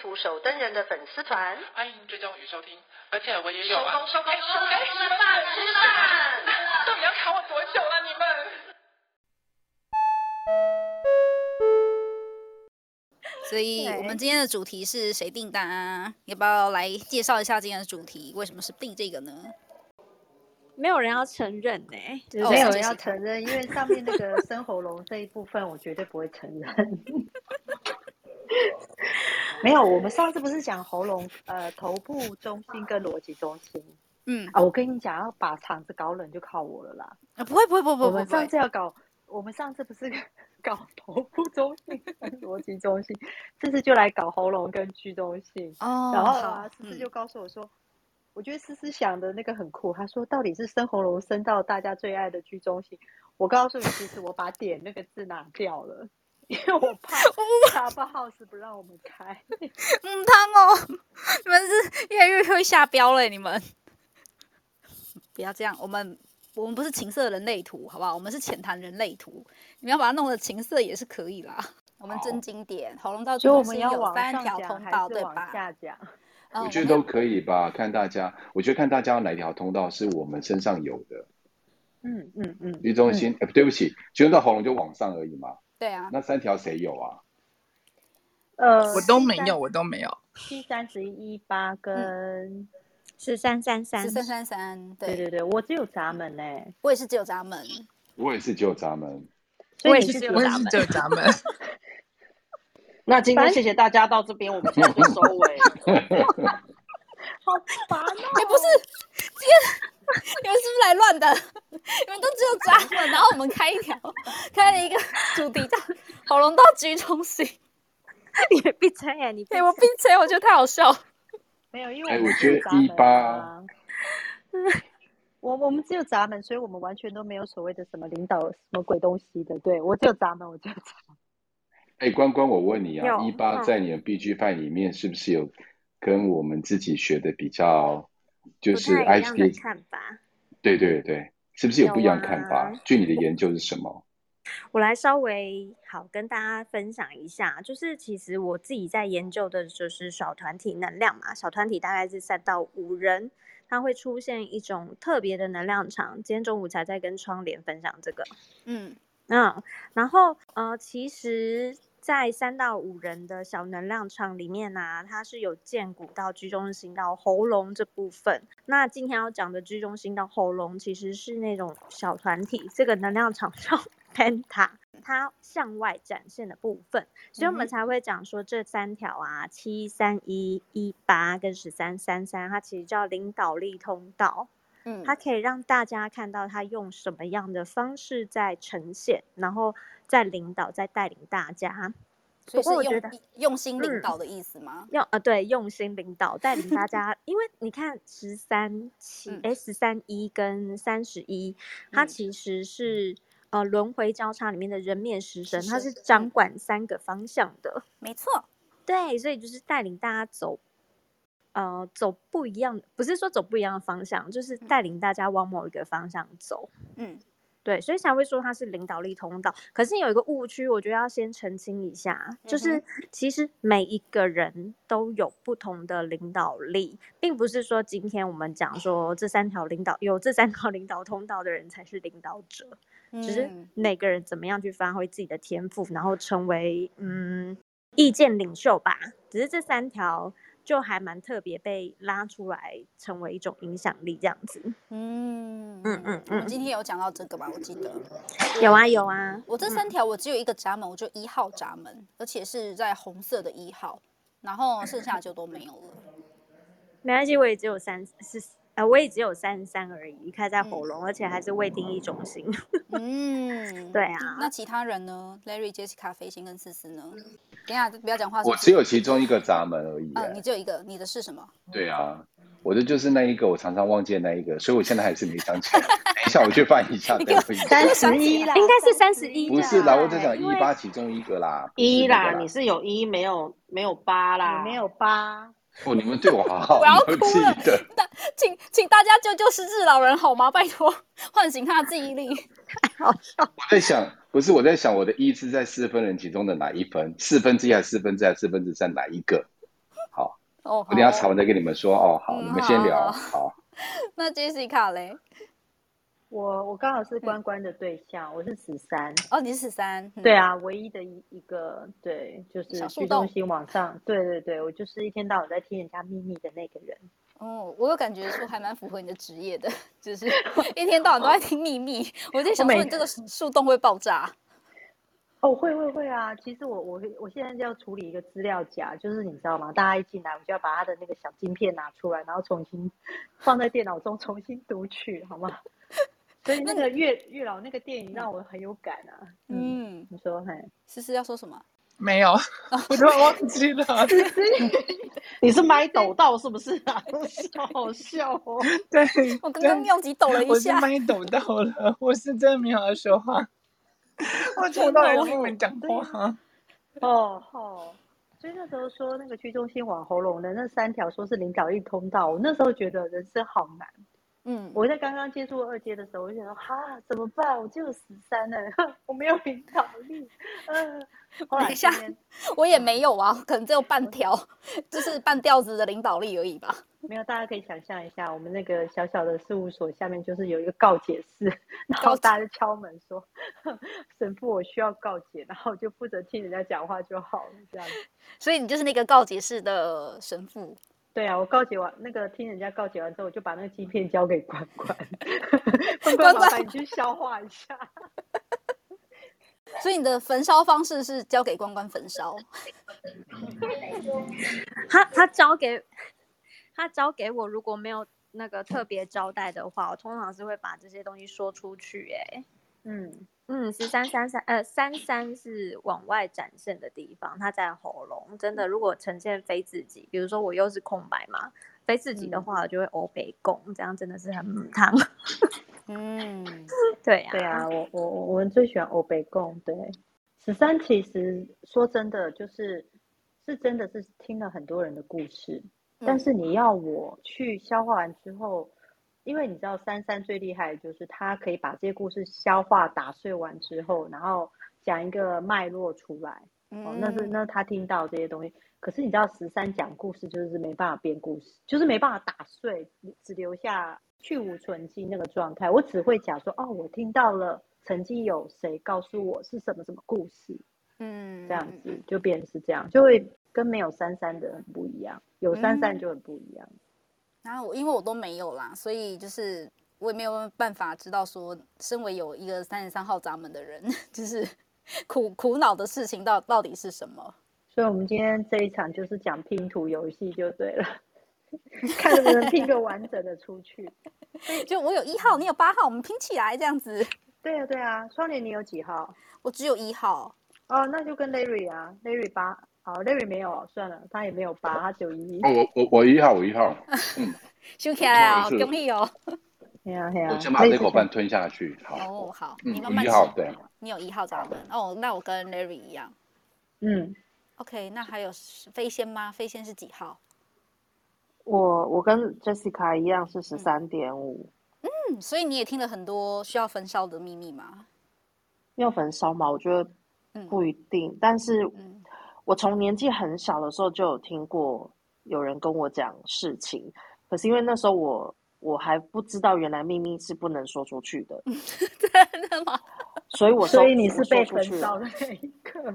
徒手登人的粉絲團，歡迎追蹤與收聽，而且我也有、啊、收工收工、欸、收工吃飯吃飯，到底要砍我多久啊你們？所以，我們今天的主題是誰訂單啊？要不要來介紹一下今天的主題？為什麼是訂這個呢？沒有人要承認呢、欸，就沒有人要承認，因為上面那個生喉嚨這一部分， 我絕對不會承認。 沒有，我們上次不是講喉嚨、呃，頭部中心跟邏輯中心，嗯啊，我跟你講，要把場子搞冷就靠我了啦。啊，不會不會不不，我們上次要搞，我們上次不是搞頭部中心跟邏輯中心， 這次就來搞喉嚨跟 G 中心。哦，然後啊，思思就告訴我說、嗯，我覺得思思想的那個很酷。他說，到底是生喉嚨升到大家最愛的 G 中心？我告訴你，其實我把“點”那個字拿掉了。 因為我怕，大炮是不讓我們開。唔、嗯、湯哦，你們是越來越會下標了、欸，你們。不要這樣，我們我們不是情色人類圖，好不好？我們是淺談人類圖。你們要把它弄得情色也是可以啦。我們真經典，喉嚨到 G 中心有三條通道，對吧？下降，我覺得都可以吧，看大家。我覺得看大家哪一條通道是我們身上有的。嗯嗯嗯，G 中心、嗯欸，對不起，喉嚨到喉嚨就往上而已嘛。對啊，那三條誰有啊？呃，13，我都沒有，我都沒有。七三十一八跟十三三十三，三三三，對對對，我只有閘門呢、欸，我也是只有閘門，我也是只有閘門，門，我也是只有閘門。 那今天謝謝大家，到這邊我們先不收尾。 好煩哦！也、欸、不是 你們是不是來亂的？ 你們都只有閘門， 然後我們開一條， 開了一個主題叫《喉嚨到 G 中心、 啊。你閉嘴呀！你、欸、對我閉嘴，我覺得太好笑。沒有，因為我覺得一八。我 18, 我，我們只有閘門， 所以我們完全都沒有所謂的什麼領導什麼鬼東西的。對，我只有閘門，我只有閘門。哎、欸，關關，我問你啊，一八在你的 B G 範裡面是不是有跟我們自己學的比較？就是 I C D 看法，對對對，是不是有不一樣的看法？具體、啊、的研究是什麼？我來稍微好跟大家分享一下，就是其實我自己在研究的就是小團體能量嘛，小團體大概是三到五人，它會出現一種特別的能量場。今天中午才在跟窗簾分享這個，嗯嗯，然後呃，其實。在三到五人的小能量場裡面呢、啊，它是有薦骨到 G 中心到喉嚨這部分。那今天要講的 G 中心到喉嚨，其實是那種小團體這個能量場叫 Penta，它向外展現的部分，所以我們才會講說這三條啊七三一一八跟十三三三，它其實叫領導力通道。嗯，它可以讓大家看到它用什麼樣的方式在呈現，然後。在領導，在帶領大家，所以是用用心領導的意思嗎？嗯、用啊、呃，對，用心領導帶領大家， 因為你看十三七 S 三一跟三十一，它其實是、嗯、呃輪回交叉裡面的人面獅身是是是是，它是掌管三個方向的，沒錯。對，所以就是帶領大家走，呃，走不一樣的，不是說走不一樣的方向，就是帶領大家往某一個方向走。嗯。對，所以才會說他是領導力通道。可是有一個誤區，我覺得要先澄清一下，就是其實每一個人都有不同的領導力，並不是說今天我們講說這三條領導有這三條領導通道的人才是領導者，只是每個人怎麼樣去發揮自己的天賦，然後成為嗯意見領袖吧。只是這三條。就還蠻特別被拉出來成為一種影響力這樣子，嗯嗯嗯嗯，今天有講到這個嗎？我記得有啊有啊，我這三條我只有一個閘門、嗯，我就一號閘門，而且是在紅色的一號，然後剩下就都沒有了，嗯、沒關係，我也只有三，四。呃、我也只有三十三而已，開在喉嚨、嗯、而且還是未定義中心。嗯，呵呵嗯對啊。那其他人呢？Larry、Jessica、飛仙跟思思呢？嗯、等下不要講話。我只有其中一個閘門而已、欸啊。你只有一個，你的是什麼？對啊，我的就是那一個，我常常忘記的那一個，所以我現在還是沒想起來。 等一下我去翻一下。那個三十一啦， 應該是三十一。不是啦，我在講一八其中一個啦。一啦，啦，你是有一沒有沒有八啦。沒有八。哦，你們對我好好，我 要哭了。請，請大家救救失智老人好嗎？拜托，喚醒他的記憶力。太好笑！， 我在想，不是我在想，我的一是在四分人其中的哪一分？四分之一還四分之二還四分之三，哪一個？好，oh, 我等一下查完再跟你們說。Oh. 哦，好、嗯，你們先聊。Oh. 好， 那 Jessica 嘞？我我剛好是關關的對象，嗯、我是十三哦，你是十三，嗯，對啊，唯一的一一個對，就是樹洞型網上，對對對，我就是一天到晚在聽人家秘密的那個人。哦、嗯，我有感覺說還蠻符合你的職業的， 就是一天到晚都在聽秘密。 我在想說你這個樹洞會爆炸？哦，會會會啊！其實我我我現在要處理一個資料夾，就是你知道嗎？大家一進來我就要把他的那個小晶片拿出來，然後重新放在電腦中重新讀取，好嗎？ 所以那個月那月老那個電影讓我很有感啊。嗯，嗯你說，嘿，思思要說什麼？沒有，哦、 我都忘記了。思思 你是麥抖到是不是啊？ 好笑哦。對，我剛剛尿急抖了一下。我是麥抖到了，我是真的沒有說話。哦、 我從來聽人講話。啊、哦好、哦，所以那時候說那個 G 中心往喉嚨的那三條說是領導力通道，我那時候覺得人生好難。嗯，我在剛剛接觸二階的時候，我想說哈，怎麼辦？我只有十三呢，我沒有領導力。嗯，等一下，我也沒有啊，嗯、可能只有半條，就是半吊子的領導力而已吧。沒有，大家可以想象一下，我們那個小小的事務所下面就是有一個告解室，然後大家就敲門說，神父，我需要告解，然後就負責聽人家講話就好了，這樣子。所以你就是那個告解室的神父。對啊，我告解完那個聽人家告解完之後，我就把那個祭品交給關關，關 關你去消化一下。 所以你的焚燒方式是交給關關焚燒。 他他交給他交給我，如果沒有那個特別招待的話，我通常是會把這些東西說出去、欸。哎，嗯。嗯，十三三三，呃，三三是往外展現的地方，它在喉嚨。真的，如果呈現非自己，比如說我又是空白嘛，非自己的話，我就會歐北共、嗯，這樣真的是很母湯、嗯 啊。嗯，對呀，對呀，我我我們最喜歡歐北共。對，十三其實說真的，就是是真的是聽了很多人的故事，嗯、但是你要我去消化完之後。因為你知道，思思最厲害的就是他可以把這些故事消化打碎完之後，然後講一個脈絡出來。嗯哦、那是那他聽到這些東西。可是你知道，十三講故事就是沒辦法編故事，就是沒辦法打碎，只留下去蕪存菁那個狀態。我只會講說，哦，我聽到了，曾經有誰告訴我是什麼什麼故事。嗯，這樣子就變成是這樣，就會跟沒有思思的很不一樣。有思思就很不一樣。嗯然、啊、後我因為我都沒有啦，所以就是我也沒有辦法知道說，身為有一個三十三號閘門的人，就是苦苦惱的事情到底到底是什麼。所以，我們今天這一場就是講拼圖遊戲就對了， 看能不能拼個完整的出去 對。就我有一號，你有八號，我們拼起來這樣子。對啊，對啊。窗簾，你有幾號？我只有一號。哦，那就跟 Larry 啊，Larry 八。Larry8 好，Larry 沒有，算了，他也沒有八，他九一。我我我一號，我一號，嗯，想 起來了哦，恭喜啊、哦、 我先把這口飯吞下去，好哦好，嗯、你一號對，你有一號在們、啊、哦，那我跟 Larry 一樣，嗯，OK，那還有飛仙嗎？飛仙是幾號？我我跟 Jessica 一樣是十三點五，嗯，所以你也聽了很多需要焚燒的秘密嗎？要焚燒嗎？我覺得不一定，嗯、但是。嗯我從年紀很小的時候就有聽過有人跟我講事情，可是因為那時候我我還不知道原來秘密是不能說出去的， 真的嗎？所以我是，所以你是被焚燒的那一個，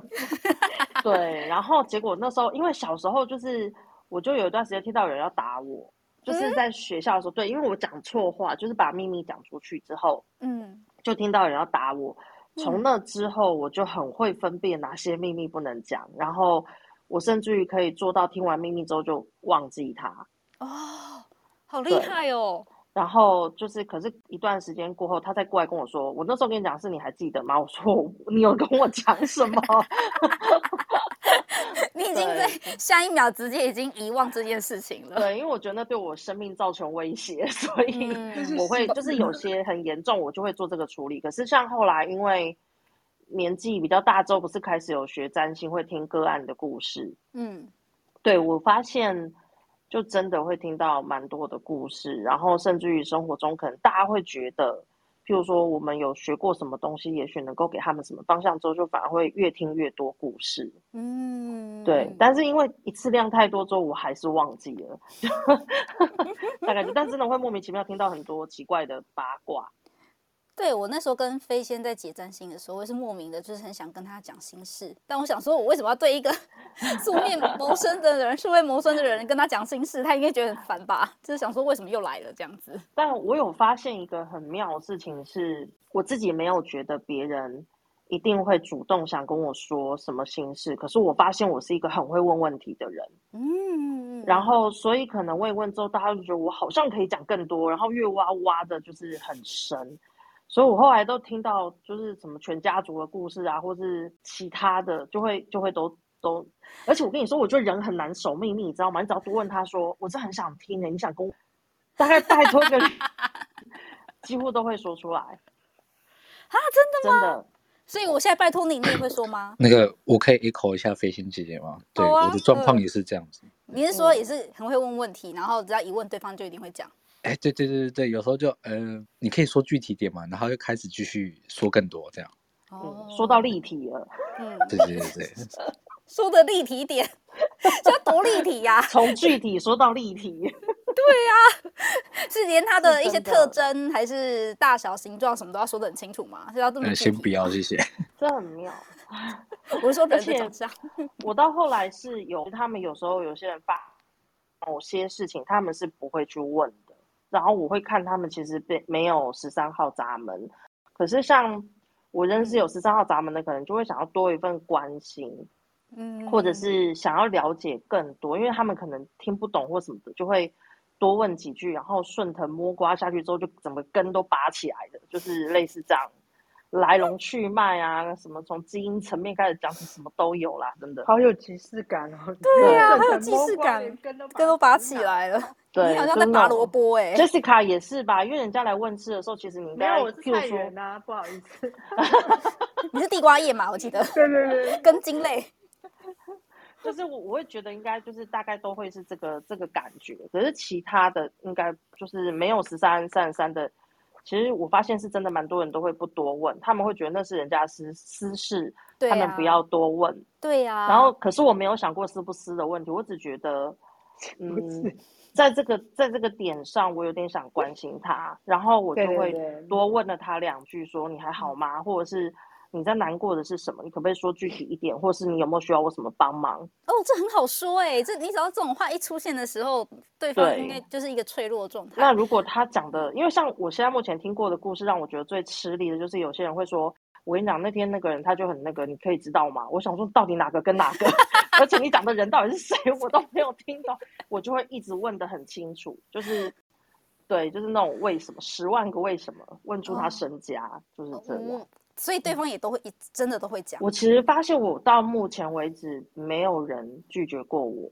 對。然後結果那時候因為小時候就是我就有一段時間聽到有人要打我，就是在學校的時候、嗯，對，因為我講錯話，就是把秘密講出去之後，嗯，就聽到有人要打我。從那之後，我就很會分辨哪些秘密不能講。嗯，然後我甚至於可以做到聽完秘密之後就忘記它。哦，好厲害哦！然後就是，可是一段時間過後，他再過來跟我說，我那時候跟你講的事，你還記得嗎？我說，你有跟我講什麼？ 你已經在下一秒直接已經遺忘這件事情了。對、嗯，因為我覺得那對我生命造成威脅，所以我會、嗯、就是有些很嚴重，我就會做這個處理。 可是像後來因為年紀比較大，之後不是開始有學占星，會聽個案的故事。嗯，對，我發現就真的會聽到蠻多的故事，然後甚至於生活中可能大家會覺得。譬如說，我們有學過什麼東西，也許能夠給他們什麼方向，之後就反而會越聽越多故事。嗯，對。但是因為一次量太多之後，我還是忘記了， 大概。但真的會莫名其妙聽到很多奇怪的八卦。對，我那時候跟飛仙在結真心的時候，我也是莫名的，就是很想跟他講心事。但我想說，我為什麼要對一個 素面謀生的人， 素面謀生的人跟他講心事？他應該覺得很煩吧？就是想說，為什麼又來了這樣子？但我有發現一個很妙的事情是，我自己沒有覺得別人一定會主動想跟我說什麼心事。可是我發現，我是一個很會問問題的人。嗯，然後所以可能問問之後，大家就覺得我好像可以講更多。然後越挖挖的，就是很深。所以，我後來都聽到，就是什麼全家族的故事啊，或是其他的，就會就會都都。而且，我跟你說，我覺得人很難守秘密，你知道嗎？你只要多問他說，我是很想聽的，欸，你想跟我，大概拜託個 幾乎都會說出來。啊，真的嗎？真的。所以，我現在拜託你，你也會說嗎？那個，我可以一口一下飛仙姐姐嗎，啊？對，我的狀況也是這樣子。你是說也是很會問問題，嗯，然後只要一問，對方就一定會講。哎、欸，對對對對對，有時候就呃，你可以說具體點嘛，然後又開始繼續說更多這樣。哦，說到立體了，嗯，對對對，對說的立體點， 要多立體呀、啊。從具體說到立體，對呀、啊，是連他的一些特徵是還是大小、形狀什麼都要說得很清楚嗎？是要這麼、呃？先不要，謝謝。這很妙，我是說，而且 我到後來是有他們有時候有些人把某些事情，他們是不會去問的。然後我會看他們其實被沒有十三號閘門，可是像我認識有十三號閘門的，可能就會想要多一份關心，嗯，或者是想要了解更多，因為他們可能聽不懂或什麼的，就會多問幾句，然後順藤摸瓜下去之後，就整個根都拔起來的，就是類似這樣。來龍去脈啊，什麼從基因層面開始講什麼都有啦，真的。好有即視感哦。對啊，好有即視感，根都，根都拔起來了。對，你好像在拔蘿蔔哎、欸就是。Jessica 也是吧？因為人家來問吃的時候，其實你沒有。我太遠啦、啊，不好意思。 你是地瓜葉嘛？我記得。對對對。根莖類。就是我，我會覺得應該就是大概都會是這個這個感覺，可是其他的應該就是沒有十三三十三的。其實我發現是真的，蠻多人都會不多問，他們會覺得那是人家私私事，啊，他們不要多問。對呀、啊。然後，可是我沒有想過私不私的問題，我只覺得，嗯。 在這個在這個點上，我有點想關心他，然後我就會多問了他兩句，說你還好嗎對對對？或者是你在難過的是什麼、嗯？你可不可以說具體一點？或者是你有沒有需要我什麼幫忙？哦，這很好說哎、欸，這你只要這種話一出現的時候，對方應該就是一個脆弱的狀態。那如果他講的，因為像我現在目前聽過的故事，讓我覺得最吃力的就是有些人會說。我跟你講，那天那個人他就很那個，你可以知道嗎？我想說到底哪個跟哪個， 而且你講的人到底是誰，我都沒有聽到， 我就會一直問的很清楚，就是，對，就是那種為什麼十萬個為什麼，問出他身家、哦、就是這樣、哦。所以對方也都會一真的都會講。我其實發現，我到目前為止沒有人拒絕過我。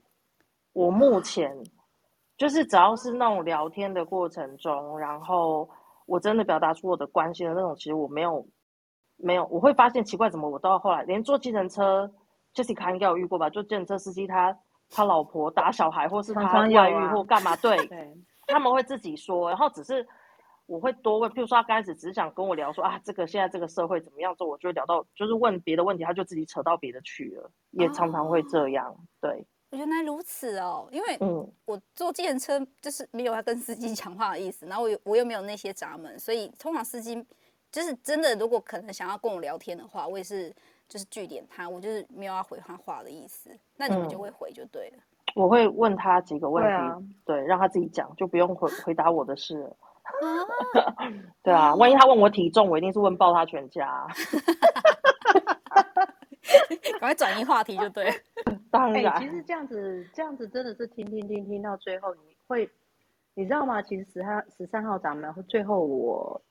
我目前 就是只要是那種聊天的過程中，然後我真的表達出我的關心的那種，其實我沒有。沒有，我會發現奇怪，怎麼我到後來連坐計程車，Jessica 應該有遇過吧？就計程車司機他 他老婆打小孩，或是他外遇或幹嘛？ 對，對他們會自己說，然後只是我會多問，譬如說他剛開始只是想跟我聊說啊，這個現在這個社會怎麼樣？做。我就會聊到就是問別的問題，他就自己扯到別的去了，啊、也常常會這樣。對，原來如此哦，因為嗯，我坐計程車就是沒有要跟司機講話的意思，嗯、然後我我又沒有那些閘門，所以通常司機。就是真的，如果可能想要跟我聊天的話，我也是就是句點他，我就是沒有要回他話、話的意思，嗯，那你們就會回就對了。我會問他幾個問題，對，啊對，讓他自己講，就不用回，啊、回答我的事了。 對啊，萬一他問我體重，我一定是問爆他全家。趕 快轉移話題就對。當然，欸，其實這樣子這樣子真的是聽聽聽聽到最後，你會你知道嗎？其實十三十三號匣門最後我。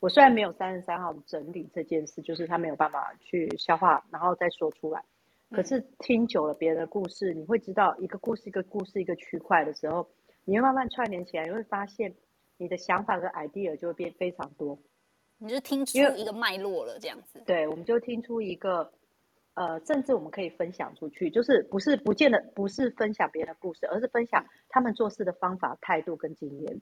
我雖然沒有三十三號整理這件事，就是他沒有辦法去消化，然後再說出來。可是聽久了別的故事，嗯，你會知道一個故事一個故事一個區塊的時候，你會慢慢串聯起來，你會發現你的想法和 idea 就會變非常多。你就聽出一個脈絡了這樣子。對，我們就聽出一個，呃，甚至我們可以分享出去，就是不是不見得不是分享別人的故事，而是分享他們做事的方法、態度跟經驗。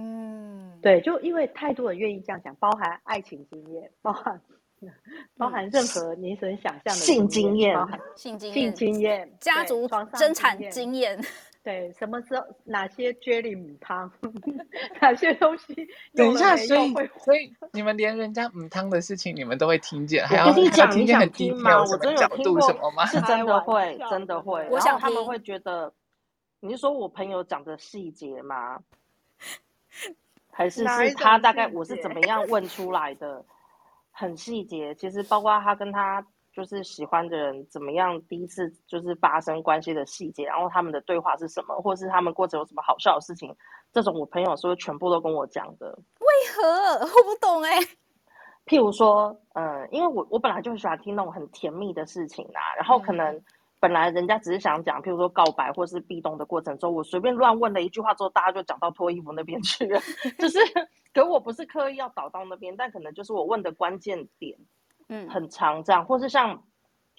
嗯，對，就因為太多人願意這樣講，包含愛情經驗，包含、嗯、包含任何你所能想象的性經驗，性經驗，性經驗、家族生產經,經驗。對，什麼時候哪些 Jelly 母湯， 哪些東西？等一下，所以所以 你們連人家母湯的事情你們都會聽見，還要聽？我跟你講要聽見聽嗎很低調，什麼我角度什麼嗎？是真的會，真的會。我想他們會覺得，你是說我朋友講的細節嗎？ 還是是他大概我是怎麼樣問出來的，很細節。其實包括他跟他就是喜歡的人怎麼樣第一次就是發生關係的細節，然後他們的對話是什麼，或是他們過程有什麼好笑的事情，這種我朋友說全部都跟我講的。為何我不懂欸？譬如說，嗯、呃，因為我我本來就很喜歡聽那種很甜蜜的事情啊，然後可能。本來人家只是想講，譬如說告白或是壁咚的過程中，我隨便亂問了一句話之後，大家就講到脫衣服那邊去了。 就是，可我不是刻意要倒到那邊，但可能就是我問的關鍵點，嗯，很常這樣，嗯、或是像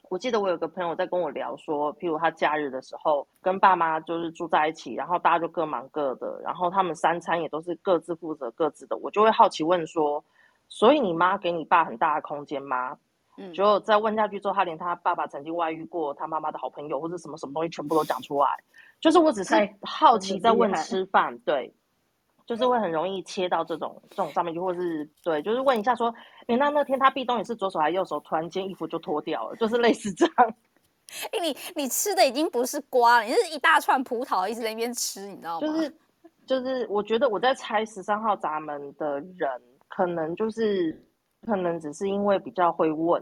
我記得我有個朋友在跟我聊說，譬如他假日的時候跟爸媽就是住在一起，然後大家就各忙各的，然後他們三餐也都是各自負責各自的，我就會好奇問說，所以你媽給你爸很大的空間嗎？就再問下去之後，他連他爸爸曾經外遇過，他媽媽的好朋友或者什麼什麼東西，全部都講出來。就是我只是好奇在問吃飯，對，就是會很容易切到這種這種上面就或是對，就是問一下說，哎，那那天他壁咚也是左手還右手，突然間衣服就脫掉了，就是類似這樣。哎，你你吃的已經不是瓜了，你是一大串葡萄一直在那邊吃，你知道嗎？就是就是，我覺得我在猜十三號閘門的人，可能就是。可能只是因為比較會問，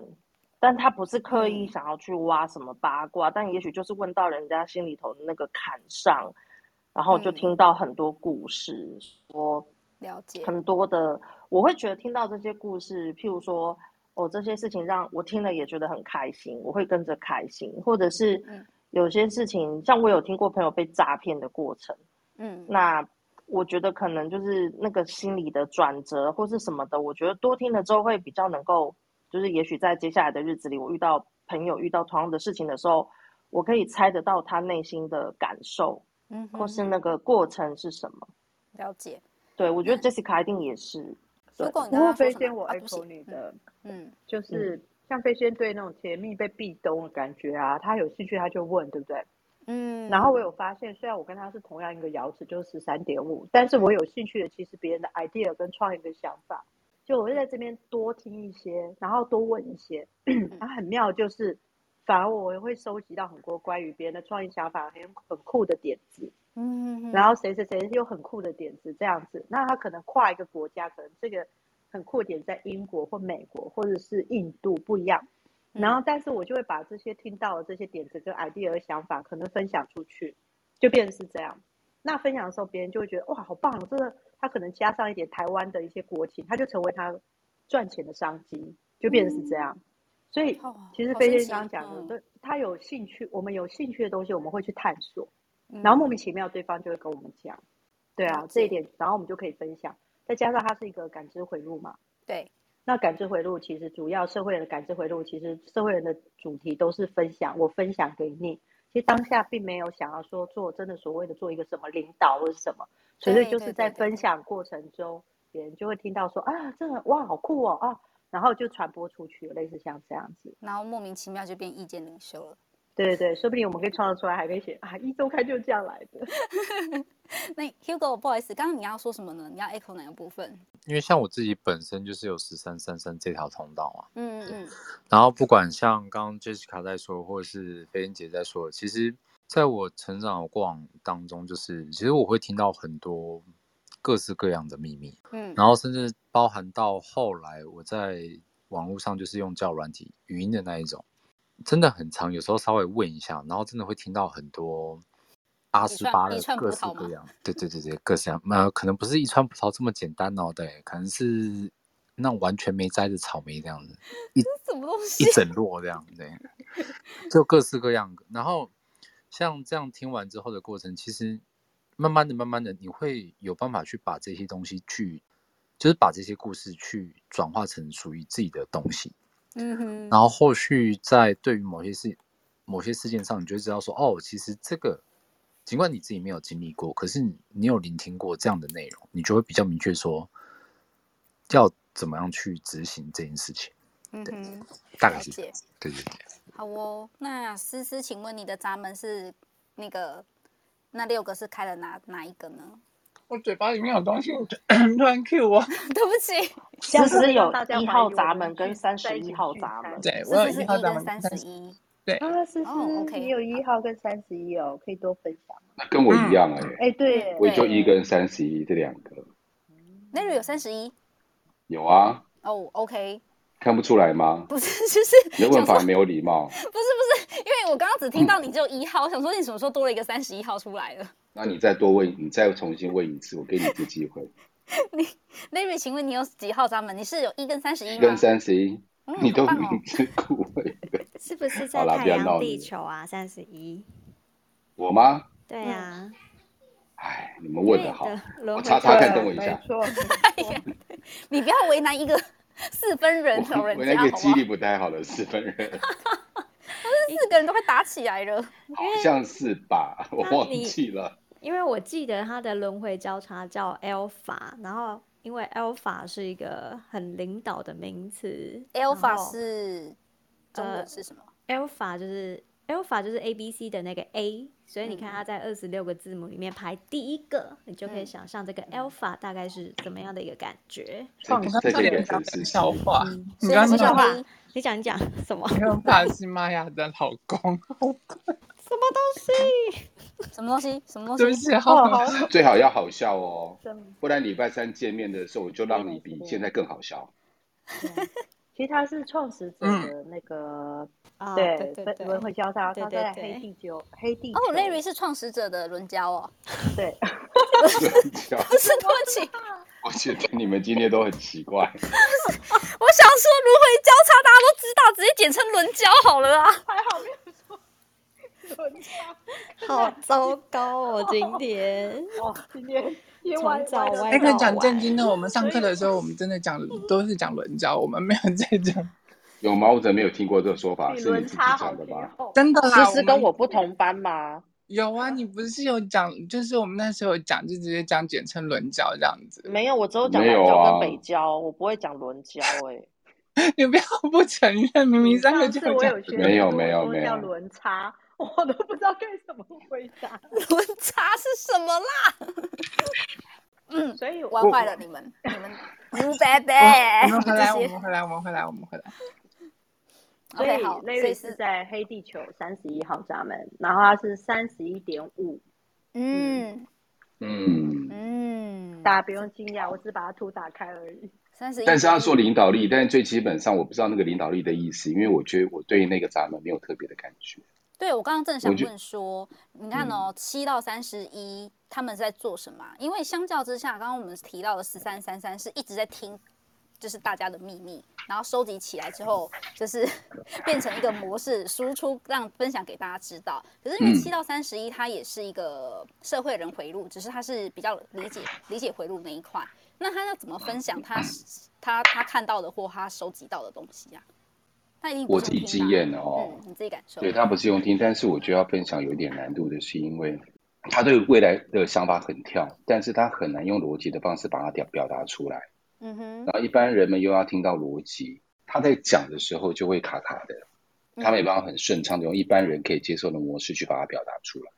但他不是刻意想要去挖什麼八卦。嗯、但也許就是問到人家心裡頭的那個坎上，然後就聽到很多故事，我了解很多的。我會覺得聽到這些故事，譬如說哦這些事情讓我聽了也覺得很開心，我會跟着開心，或者是有些事情，嗯、像我有聽過朋友被詐騙的過程，嗯，那。我覺得可能就是那個心理的轉折或是什麼的，我覺得多聽了之後會比較能夠，就是也許在接下來的日子裡，我遇到朋友遇到同樣的事情的時候，我可以猜得到他內心的感受，嗯，或是那個過程是什麼。了解，對，我覺得 Jessica 一定也是。如、嗯、果如果飛仙我愛 call 你的，嗯，就是像飛仙，對那種甜蜜被壁咚的感覺啊，他有興趣他就問，對不對？嗯，然後我有發現，雖然我跟他是同樣一個窯子，就是十三點五，但是我有興趣的其實別人的 idea 跟創意的想法，就我會在這邊多聽一些，然後多問一些，他 很妙就是，反而我也會收集到很多關於別人的創意想法，很很酷的點子，嗯哼哼，然後誰誰誰又很酷的點子這樣子，那他可能跨一個國家，可能這個很酷的點在英國或美國或者是印度不一樣。然後，但是我就會把這些聽到的這些點子跟 idea 的想法，可能分享出去，就變成是這樣。那分享的時候，別人就會覺得哇，好棒！這個他可能加上一點台灣的一些國情，他就成為他賺錢的商機，就變成是這樣。嗯、所以，其實飛仙講的、就是，對、哦、他、哦、有興趣，我們有興趣的東西，我們會去探索。嗯、然後莫名其妙，對方就會跟我們講，嗯、對啊，這一點，然後我們就可以分享。再加上它是一個感知回路嘛，對。那感知回路其實主要社會人的感知回路，其實社會人的主題都是分享，我分享給你。其實當下並沒有想要說做真的所謂的做一個什麼領導或者什麼，所以就是在分享過程中，別人就會聽到說啊，這個哇好酷哦啊，然後就傳播出去，類似像這樣子，然後莫名其妙就變意見領袖了。對對對，說不定我們可以創造出來，還可以寫啊，一週刊就是這樣來的。那 Hugo，不好意思，剛剛你要說什麼呢？你要 echo 哪個部分？因為像我自己本身就是有十三三三這條通道啊。嗯嗯。然後不管像剛剛 Jessica 在說，或者是飛仙姐在說，其實在我成長的過往當中，就是其實我會聽到很多各式各樣的秘密。嗯。然後甚至包含到後來我在網絡上就是用教軟體語音的那一種。真的很長，有時候稍微問一下，然後真的會聽到很多88的各式各樣。對對對對，各式各樣。呃，可能不是一串葡萄這麼簡單哦，對，可能是那種完全沒摘的草莓這樣子，一整摞這樣子，就各式各樣的，然後像這樣聽完之後的過程，其實慢慢的、慢慢的，你會有辦法去把這些東西去，就是把這些故事去轉化成屬於自己的東西。嗯哼，然後後續在對於某些事、某些事件上，你就知道說，哦，其實這個儘管你自己沒有經歷過，可是你你有聆聽過這樣的內容，你就會比較明確說，要怎麼樣去執行這件事情。對，嗯哼，大概是這樣，對，對。好哦，那思思，請問你的閘門是那個那六個是開了哪哪一個呢？我嘴巴裡面有東西，突然 cue 我， 對不起。思思有一號閘門跟三十一號閘門，思思一號閘門三十一，對，對,我有是是是 30, 對啊，思思、oh, okay. 你有一號跟三十一哦，可以多分享。那跟我一樣哎、欸，哎、嗯、對，我也就一跟三十一這兩個。n e r 有三十一，有啊。哦、oh,，OK。看不出來嗎？不是，就是。你的問法沒有禮貌。不是不是，因為我剛剛只聽到你只有一號、嗯，我想說你什麼時候多了一個三十一號出來了？那你再多問，你再重新問一次，我給你一個機會。 你，Lily，請問你有幾號閘門？你是有一跟三十一嗎？跟三十一，你都明知故問。 是不是在太陽地球啊？三十一。我嗎？對啊。哎，你們問的好，的我查查看，等我一下。 你不要為難一個。 四分人，人我，我那個記憶不太好了。 四分人，但 是四個人都快打起來了， 好像是吧？我忘記了，因為我記得他的輪回交叉叫 Alpha，然後因為 Alpha 是一個很領導的名詞，Alpha 是，呃，是什麼？Alpha 就是。Alpha 就是 A B C 的那個 A，所以你看它在二十六個字母裡面排第一個，嗯、你就可以想象這個 Alpha 大概是怎麼樣的一個感覺。放、嗯、在這裡講是笑話、嗯、話、話，你講一講什麼？他是瑪雅的老公， 什麼東西？什麼東西？ 什麼東西？對不起，好好笑，最好要好笑哦，不然禮拜三見面的時候我就讓你比現在更好笑。其實他是創始者的那個，嗯、對，輪輪迴交叉，他在黑地球黑地球，哦，那位是創始者的輪交哦，對 交，輪不是托起。我覺得你們今天都很奇怪 我。我想說輪迴交叉，大家都知道，直接簡稱輪交好了啊。 還好沒有。輪交 好糟糕哦，今天、哦、哇，今天從早哎，跟講正經的，我們上課的時候，我們真的講、嗯、都是講輪交，我們沒有在講有嗎？我怎麼沒有聽過這個說法？ 是你自己講的吧？真的啊，這是跟我不同班嗎？有啊，你不是有講，就是我們那時候講，就直接講簡稱輪交這樣子。沒有，我只有講南交跟北交、啊，我不會講輪交誒。 你不要不承認，明明三個就講沒有輪沒有沒有輪差。我都不知道該怎麼回答，輪查是什麼啦？嗯，所以玩壞了你們，你們，拜拜！我們回來，我們回來，我們回來，我們回來。嗯、所以賴瑞是，是在黑地球三十一號閘門，然後他是三十一點五，嗯，嗯嗯，大家不用驚訝，我只是把它圖打開而已。三十一，但是要說領導力，但是最基本上我不知道那個領導力的意思，因為我覺得我對那個閘門沒有特別的感覺。對我剛剛正想問說，你看哦，七、嗯、到三十一他們在做什麼啊？因為相較之下，剛剛我們提到的十三三三是一直在聽，就是大家的秘密，然後收集起來之後，就是 變成一個模式輸出，讓分享給大家知道。可是因為七到三十一，他也是一個社會人回路，嗯、只是他是比較理解理解回路那一塊，那他要怎麼分享他他他看到的或他收集到的東西呀啊？我自己經驗哦，嗯、對他不是用聽，但是我覺得要分享有一點難度的是，因為他對未來的想法很跳，但是他很難用邏輯的方式把它表表達出來。嗯哼，然後一般人們又要聽到邏輯，他在講的時候就會卡卡的，他沒辦法很順暢的用一般人可以接受的模式去把它表達出來。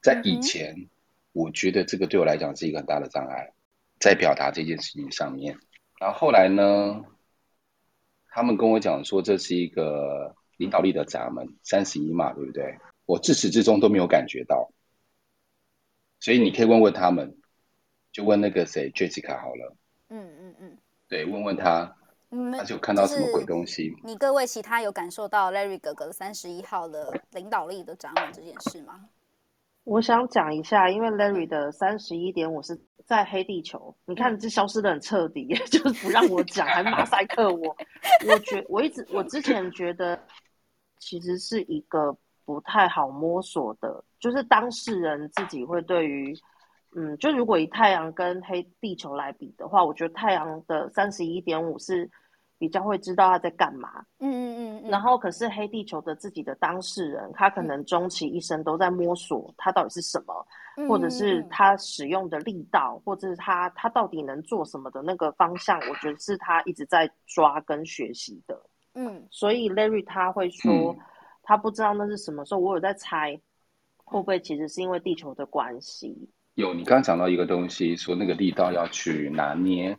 在以前、嗯，我覺得這個對我來講是一個很大的障礙，在表達這件事情上面。然後後來呢？他們跟我講說，這是一個領導力的閘門，三十一嘛，對不對？我自始至終都沒有感覺到，所以你可以問問他們，就問那個誰 Jessica 好了。嗯嗯嗯，對，問問他，嗯、他就看到什麼鬼東西？嗯、你各位其他有感受到 Larry 哥哥的三十一號的領導力的閘門這件事嗎？ 我想講一下，因為 Larry 的三十一點五是在黑地球，你看這消失的很徹底，就是不讓我講， 還馬賽克我。我覺我一直我之前覺得，其實是一個不太好摸索的，就是當事人自己會對於，嗯，就如果以太陽跟黑地球來比的話，我覺得太陽的三十一點五是，比較會知道他在幹嘛，嗯嗯、嗯，然後可是黑地球的自己的當事人，他可能終其一生都在摸索他到底是什麼，嗯，或者是他使用的力道，或者是他他到底能做什麼的那個方向，我覺得是他一直在抓跟學習的。嗯，所以 Larry 他會說，嗯，他不知道那是什麼時候，我有在猜會不會其實是因為地球的關係。有，你剛剛講到一個東西，說那個力道要去拿捏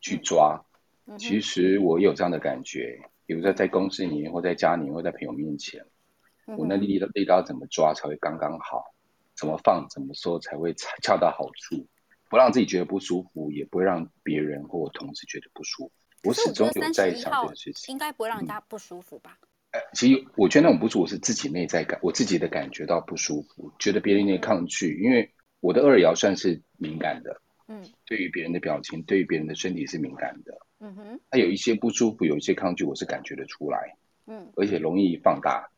去抓。其實我有這樣的感覺，比如說在公司裡面，或在家裡面，或在朋友面前，我那力力道怎麼抓才會剛剛好？怎麼放，怎麼說才會恰到好處？不讓自己覺得不舒服，也不會讓別人或我同事覺得不舒服。我始終有在想的事情，應該不會讓大家不舒服吧？其實我覺得那種不舒服是自己內在感，我自己的感覺到不舒服，覺得別人在抗拒，因為我的二爻算是敏感的。嗯，對於別人的表情，對於別人的身體是敏感的。嗯哼，他有一些不舒服，有一些抗拒，我是感覺得出來。嗯，而且容易放大。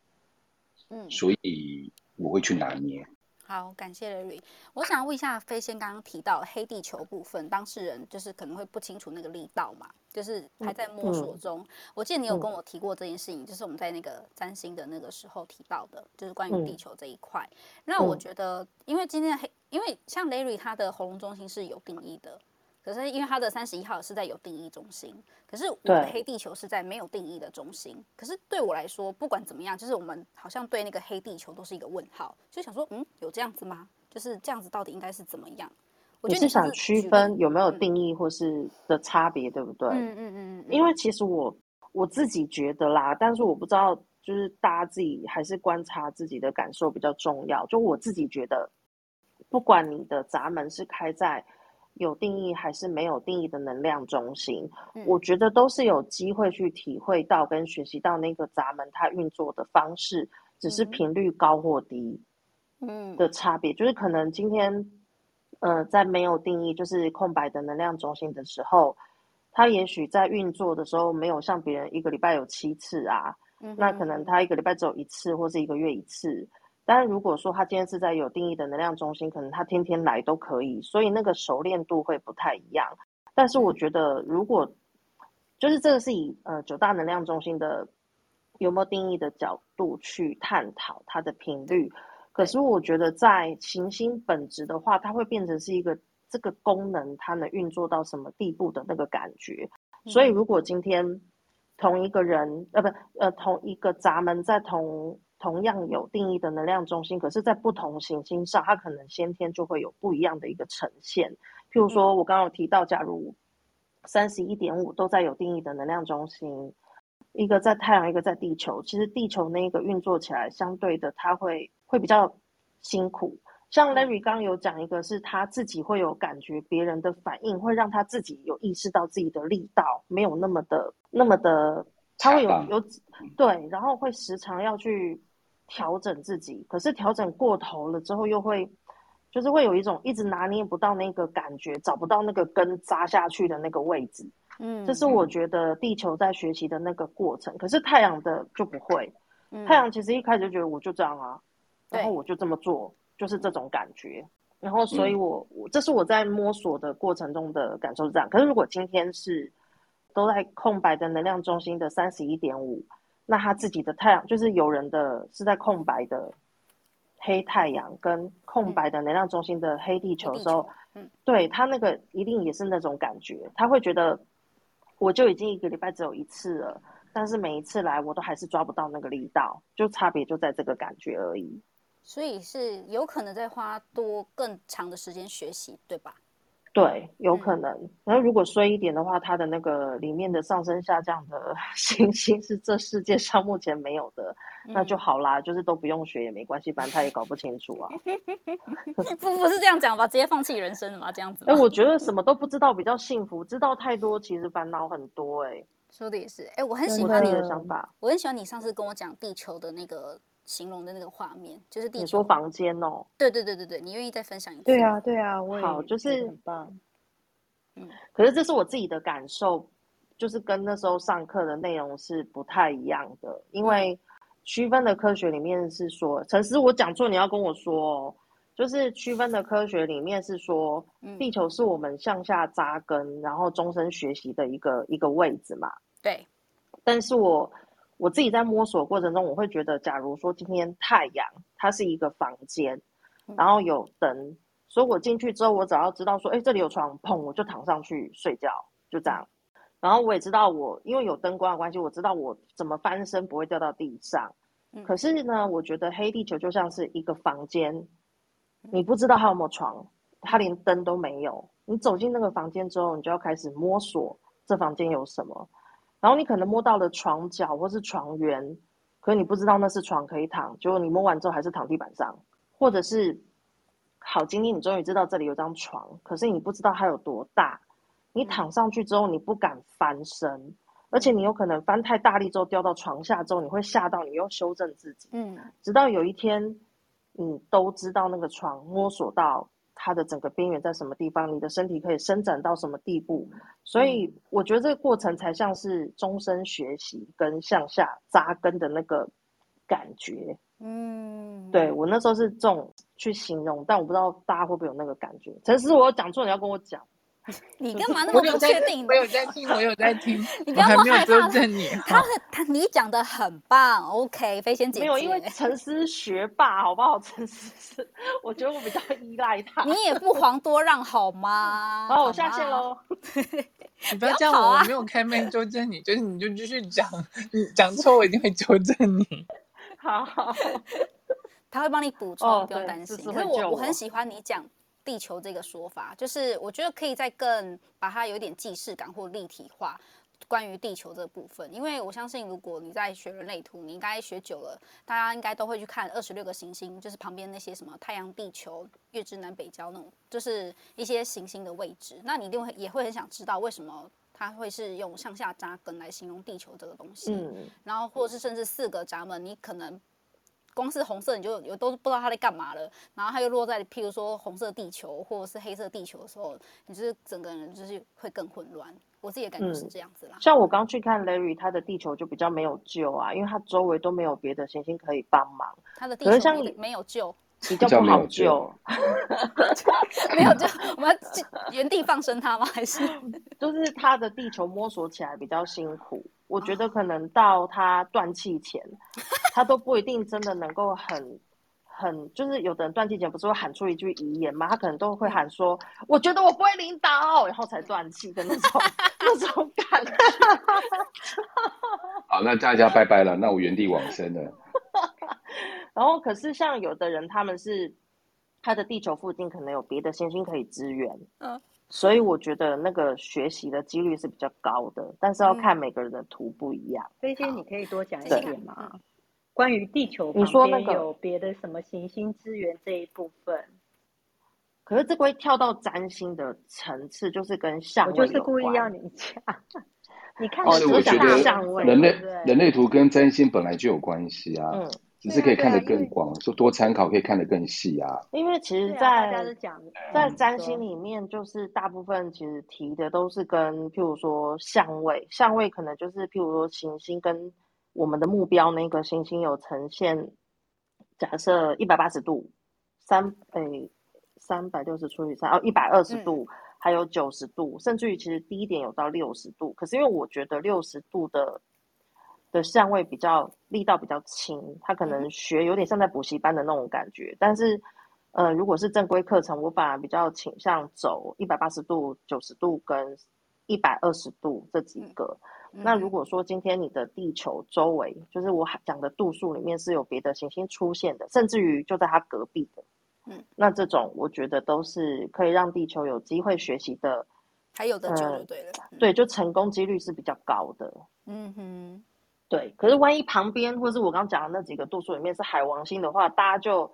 嗯，所以我會去拿捏。好，感謝 Larry。我想要問一下，飛仙剛剛提到黑地球部分，當事人就是可能會不清楚那個力道嘛，就是還在摸索中、嗯。我記得你有跟我提過這件事情、嗯，就是我們在那個占星的那個時候提到的，就是關於地球這一塊、嗯。那我覺得，因為今天的黑，因為像 Larry 他的喉嚨中心是有定義的。可是因為他的三十一號是在有定義中心，可是我的黑地球是在沒有定義的中心。可是對我來說，不管怎麼樣，就是我們好像對那個黑地球都是一個問號，就想說，嗯，有這樣子嗎？就是這樣子，到底應該是怎麼樣？我就是，是想區分有沒有定義或是的差別，嗯、對不對？嗯嗯嗯，嗯。因為其實我我自己覺得啦，但是我不知道，就是大家自己還是觀察自己的感受比較重要。就我自己覺得，不管你的閘門是開在。有定義還是沒有定義的能量中心，我覺得都是有機會去體會到跟學習到那個閘門它運作的方式，只是頻率高或低，嗯的差別。就是可能今天，呃，在沒有定義就是空白的能量中心的時候，它也許在運作的時候沒有像別人一個禮拜有七次啊，那可能它一個禮拜只有一次，或是一個月一次。但如果說他今天是在有定義的能量中心，可能他天天來都可以，所以那個熟練度會不太一樣。但是我覺得，如果就是這個是以呃九大能量中心的有沒有定義的角度去探討它的頻率，可是我覺得在行星本質的話，它會變成是一個這個功能它能運作到什麼地步的那個感覺。嗯。所以如果今天同一個人，呃不，呃同一個閘門在同。同樣有定義的能量中心，可是，在不同行星上，它可能先天就會有不一樣的一個呈現。譬如說，我剛剛有提到，假如三十一點五都在有定義的能量中心，一個在太陽，一個在地球，其實地球那一個運作起來，相對的，它會會比較辛苦。像 Larry 剛有講，一個是他自己會有感覺，別人的反應會讓他自己有意識到自己的力道沒有那麼的那麼的，他會有有對，然後會時常要去。調整自己，可是調整過頭了之後，又會，就是會有一種一直拿捏不到那個感覺，找不到那個根紮下去的那個位置。嗯，這是我覺得地球在學習的那個過程。嗯、可是太陽的就不會。嗯、太陽其實一開始就覺得我就這樣啊，嗯、然後我就這麼做，就是這種感覺。然後，所以我、嗯、我這是我在摸索的過程中的感受是這樣。可是如果今天是都在空白的能量中心的三十一點五。那他自己的太陽就是有人的，是在空白的黑太陽跟空白的能量中心的黑地球的時候，嗯嗯、對他那個一定也是那種感覺，他會覺得我就已經一個禮拜只有一次了，但是每一次來我都還是抓不到那個力道，就差別就在這個感覺而已。所以是有可能再花多更長的時間學習，對吧？對，有可能。然後如果衰一點的話，它的那個裡面的上升下降的行星，星星是這世界上目前沒有的，那就好啦，嗯、就是都不用學也沒關係，反正他也搞不清楚啊。 不不是這樣講吧？直接放棄人生了嘛。這樣子？哎、欸，我覺得什麼都不知道比較幸福，知道太多其實煩惱很多、欸。哎，說的也是。哎、欸，我很喜歡你的、嗯、你的想法，我很喜歡你上次跟我講地球的那個。形容的那個畫面就是地球，你說房間哦、喔，對對對對對，你願意再分享一次？對啊對啊，我也好就是很棒、嗯，可是這是我自己的感受，就是跟那時候上課的內容是不太一樣的，因為區分的科學裡面是說，陳、嗯、思我講錯，你要跟我說，哦，就是區分的科學裡面是說、嗯，地球是我們向下扎根，然後終身學習的一個一個位置嘛。對，但是我。我自己在摸索過程中，我會覺得，假如說今天太陽它是一個房間，然後有燈、嗯，所以我進去之後，我只要知道說，哎、欸，這裡有床，砰，我就躺上去睡覺，就這樣。然後我也知道我因為有燈光的關係，我知道我怎麼翻身不會掉到地上、嗯。可是呢，我覺得黑地球就像是一個房間，你不知道它有沒有床，它連燈都沒有。你走進那個房間之後，你就要開始摸索這房間有什麼。然後你可能摸到了床角或是床緣，可是你不知道那是床可以躺。結果你摸完之後還是躺地板上，或者是好經歷，今天你終於知道這裡有張床，可是你不知道它有多大。你躺上去之後，你不敢翻身、嗯，而且你有可能翻太大力之後掉到床下，之後你會嚇到，你又修正自己，嗯，直到有一天你都知道那個床，摸索到。它的整個邊緣在什麼地方？你的身體可以伸展到什麼地步？所以我覺得這個過程才像是終身學習跟向下扎根的那個感覺。嗯，對，我那時候是這種去形容，但我不知道大家會不會有那個感覺。陳思，我有講錯，你要跟我講。 你幹嘛那麼不確定呢？我有在聽，我有在聽。我還沒有糾 正你，啊，他很，他，他你講的很棒，OK，飛仙姐、姐。沒有，因為陳思學霸，好不好？陳思思，我覺得我比較依賴他。 你也不遑多讓，好嗎？好，哦，我下線嘍。 你不要這樣，啊，我沒有開麥糾正你，就是你就繼續講，你講錯我一定會糾正你。 好，好，他會幫你補充，哦，不要擔心。可是我我很喜歡你講。地球這個說法，就是我覺得可以再更把它有點既視感、或立體化，關於地球這個部分。因為我相信，如果你在學人類圖，你應該學久了，大家應該都會去看二十六個行星，就是旁邊那些什麼太陽、地球、月之南北交那種，就是一些行星的位置。那你一定會也會很想知道，為什麼它會是用向下扎根來形容地球這個東西？然後或者是甚至四個閘門，你可能。光是紅色你就有都不知道它在幹嘛了，然後它又落在譬如說紅色地球或者是黑色地球的時候，你就是整個人就是會更混亂。我自己也感覺是這樣子啦。嗯、像我剛去看 Larry，他的地球就比較沒有救啊，因為他周圍都沒有別的行星可以幫忙。他的地球像沒有救你，比較不好救，沒有救， 沒有救 我們要原地放生他嗎？還是就是他的地球摸索起來比較辛苦。我覺得可能到他斷氣前，他都不一定真的能夠很、很，就是有的人斷氣前不是會喊出一句遺言嗎？他可能都會喊說：“我覺得我不會領導”，然後才斷氣的那種、那種感覺。 好，那大家拜拜了。那我原地往生了。 然後，可是像有的人，他們是他的地球附近可能有別的星星可以支援。嗯所以我覺得那個學習的幾率是比較高的，但是要看每個人的圖不一樣。飛、嗯、仙，你可以多講一點嗎？關於地球，你說那個有別的什麼行星資源這一部分？那個、可是這個會跳到占星的層次，就是跟相位有關。我就是故意要你講。你 看 、啊，哦， 我覺得人類人類圖跟占星本來就有關係啊。嗯。只是可以看得更廣，就多參考可以看得更細啊。因為其實在，在、啊、在占星裡面，就是大部分其實提的都是跟譬如說相位，相位可能就是譬如說行星跟我們的目標那個行星有呈現，假設一百八十度，三誒三百六十除以三哦一百二十度，嗯，還有九十度，甚至於其實低一點有到六十度。可是因為我覺得六十度的。的相位比較力道比較輕，他可能學有點像在補習班的那種感覺、嗯。但是，呃，如果是正規課程，我反而比較傾向走一百八十度、九十度跟一百二十度這幾個、嗯。那如果說今天你的地球周圍、嗯，就是我講的度數裡面是有別的行星出現的，甚至於就在它隔壁的，嗯，那這種我覺得都是可以讓地球有機會學習的，還有的就對了、嗯、對，就成功幾率是比較高的。嗯哼。嗯嗯對，可是萬一旁邊或是我剛剛講的那幾個度數裡面是海王星的話，大家就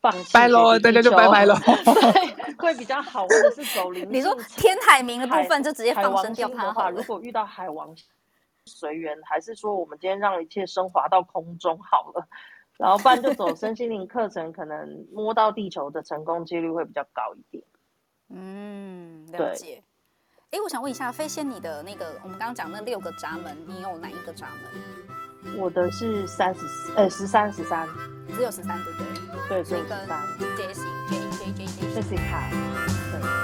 放棄。拜咯，大家就拜拜了。 所以會比較好，我是走靈。你說天海明的部分就直接放生掉它的話，如果遇到海王，隨緣，還是說我們今天讓一切升華到空中好了，然後不然就走身心靈課程， 可能摸到地球的成功幾率會比較高一點。嗯，了解。哎，我想問一下，飛仙，你的那個我們剛剛講的那六個閘門，你有哪一個閘門？我的是三十四，呃，十三十三，只有十三，對不對？對，只有十三。傑西、傑傑傑傑西卡，對。